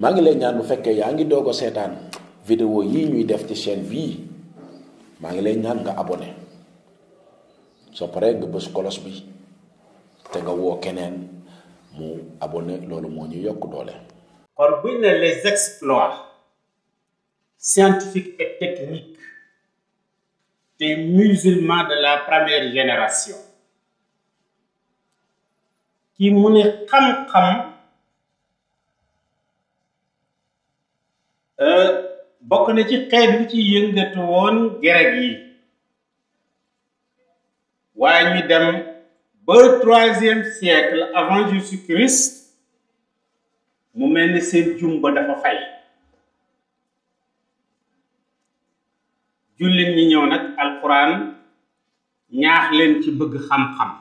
maa ngi lay ñaan bu fekkee yaa ngi doog seetaan vidéo yii ñuy def ci chaîne bii maa ngi lay ñaan nga abonné soo paree nga bës kolos bi te nga woo keneen mu abonné loolu moo ñu yokk doole. kon buñ ne les exploits scientifiques et techniques des musulmans de la première génération. ki mu ne xam-xam. Euh, bokk na ci xeet bi ci yëngatu woon gereg yi waaye ñu dem ba troisième siècle avant Jésus-Christ mu mel ni seen jumba dafa fay jullit ñi ñëw nag alquran ñaax leen ci bëgg xam-xam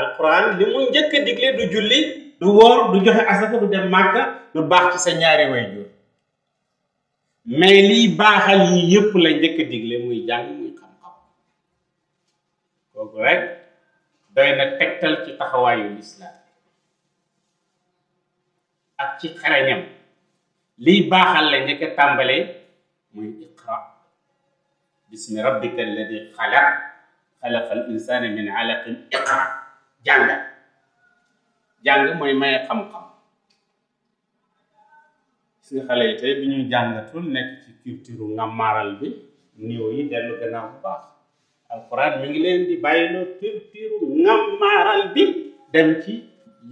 alquran li mu njëkk digle du julli du wóor du joxe asaka du dem màkka du baax ci sa ñaari waajur mais liy baaxal yi yëpp la njëkk a digle muy jàng muy xam-xam kooku rek doy na tegtal ci taxawaayu lislaam ak ci xarañam liy baaxal la njëkk a tàmbale muy iqra bismi rabbika alladi xalaq xalaqal insana min alaqin iqra jàngal jàng mooy maye xam-xam si xale yi tey bi ñuy jàngatul nekk ci culture nga bi néew yi dellu gannaaw bu baax alxuraan mi ngi leen di bàyyiloo culture nga bi dem ci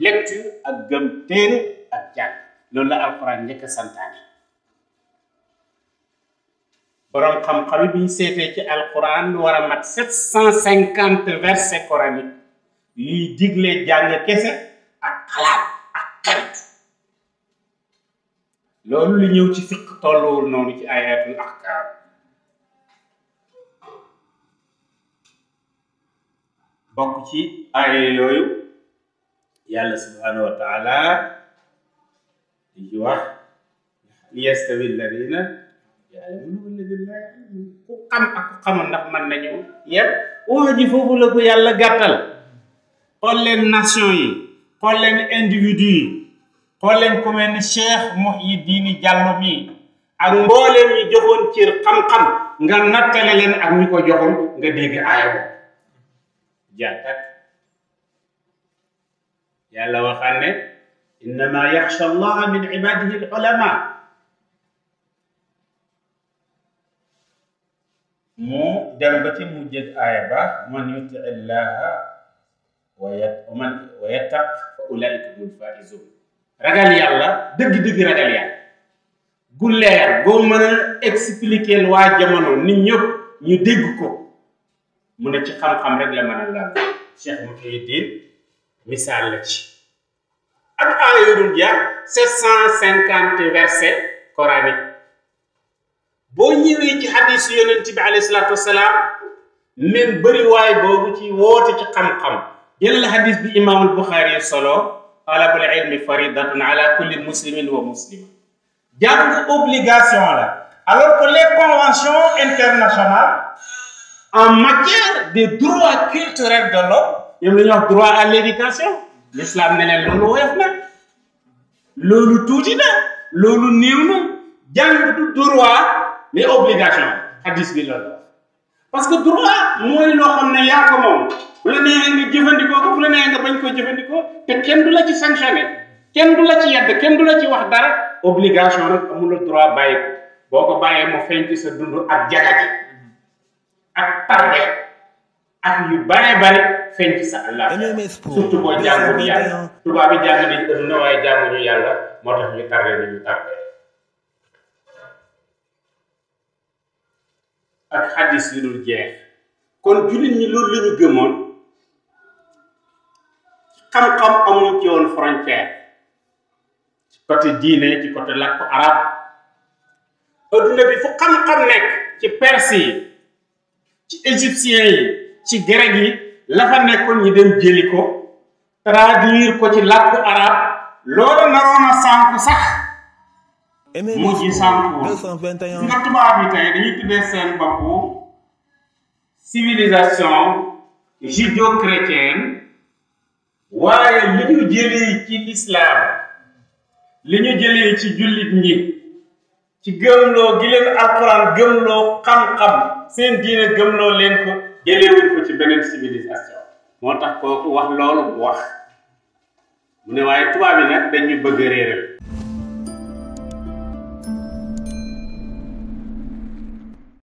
lecture ak gëm téere ak jàng loolu la alxuraan njëkk a santaane xam-xam yi bi ñu seetee ci alxuraan war a mat sept cent cinquante versets coraniques yuy digle jàng kese loolu li ñëw ci fiq tolluwul noonu ci ayatul ahkaam bokk ci aaya yooyu yàlla subhanahu wa taala di ci wax liyastawi alladina ku xam ak ku xamul ndax mën nañu yépp wax ji foofu la ko yàlla gàttal xool nation yi xool individu yi xool ku mel ni Cheikh muhyiddin Diallo mi ak mbooleem ñu joxoon ci xam xam-xam nga nattale leen ak ñi ko joxoon nga dégg aaya ko jàttak yàlla waxaan ne innama yaxsha allaha min ibadihi alulama ulama mu dem ba ci mujjëg aaya ba man yuti illaha wayet man wayettaq fa ulaika hum faizun ragal yàlla dëgg-dëgg ragal yàlla gu leer goo mën a expliquer waa jamono nit ñëpp ñu dégg ko mu ne ci xam-xam rek la mën a laal Cheikh Mouhidine misaal la ci ak aaya yu jaar sept cent cinquante verset coranique boo ñëwee ci xadiis yonent bi alayhi salaatu wasalaam même bëri waay boobu ci woote ci xam-xam يلا حديث بإمام البخاري صلو طلب العلم فريضة على كل مسلم ومسلمة جانب obligation على alors que les conventions internationales en matière de droits culturels de l'homme ñoom la ñuy wax droit à l'éducation l'islam n'est pas le woyof na loolu tuuti na loolu néew na jàng du droit mais obligation hadis bi loolu parce que droit moy lo xam ya ko mom bu la neexee nga jëfëndiko ko bu la neexee nga bañ ko jëfëndiko te kenn du la ci sanctionné kenn du la ci yedd kenn du la ci wax dara obligation nag amul droit bàyyi ko boko ko mo mu ci sa dundu ak jagaati ak tarbe ak yu bare bare feeñ ci sa allah surtout ko jangul yalla tuba bi jangul ni nañ ëpp na ñu yalla motax ñu tarbe ni ñu tarbe ak xadis yu dul jeex kon jullit ñi loolu la ñu xam-xam amuñ ci woon frontière ci côté diine ci côté làkku arab adduna bi fu xam-xam nekk ci perse yi ci égyptiens yi ci grec yi la nekkoon ñi dem jëli ko traduire ko ci làkku arab loolu naroon a sànku sax mu ci sànku nga tubaab yi tey dañuy tuddee seen bopp civilisation judéo-chrétienne waaye li ñu jëlee ci lislaam li ñu jëlee ci jullit ñi ci gëmloo gi leen alxuraan gëmloo xam-xam seen diine gëmloo leen ko jëleewuñ ko ci beneen civilisation moo tax kooku wax loolu wax mu ne waaye tubaab yi nag dañu bëgg réeral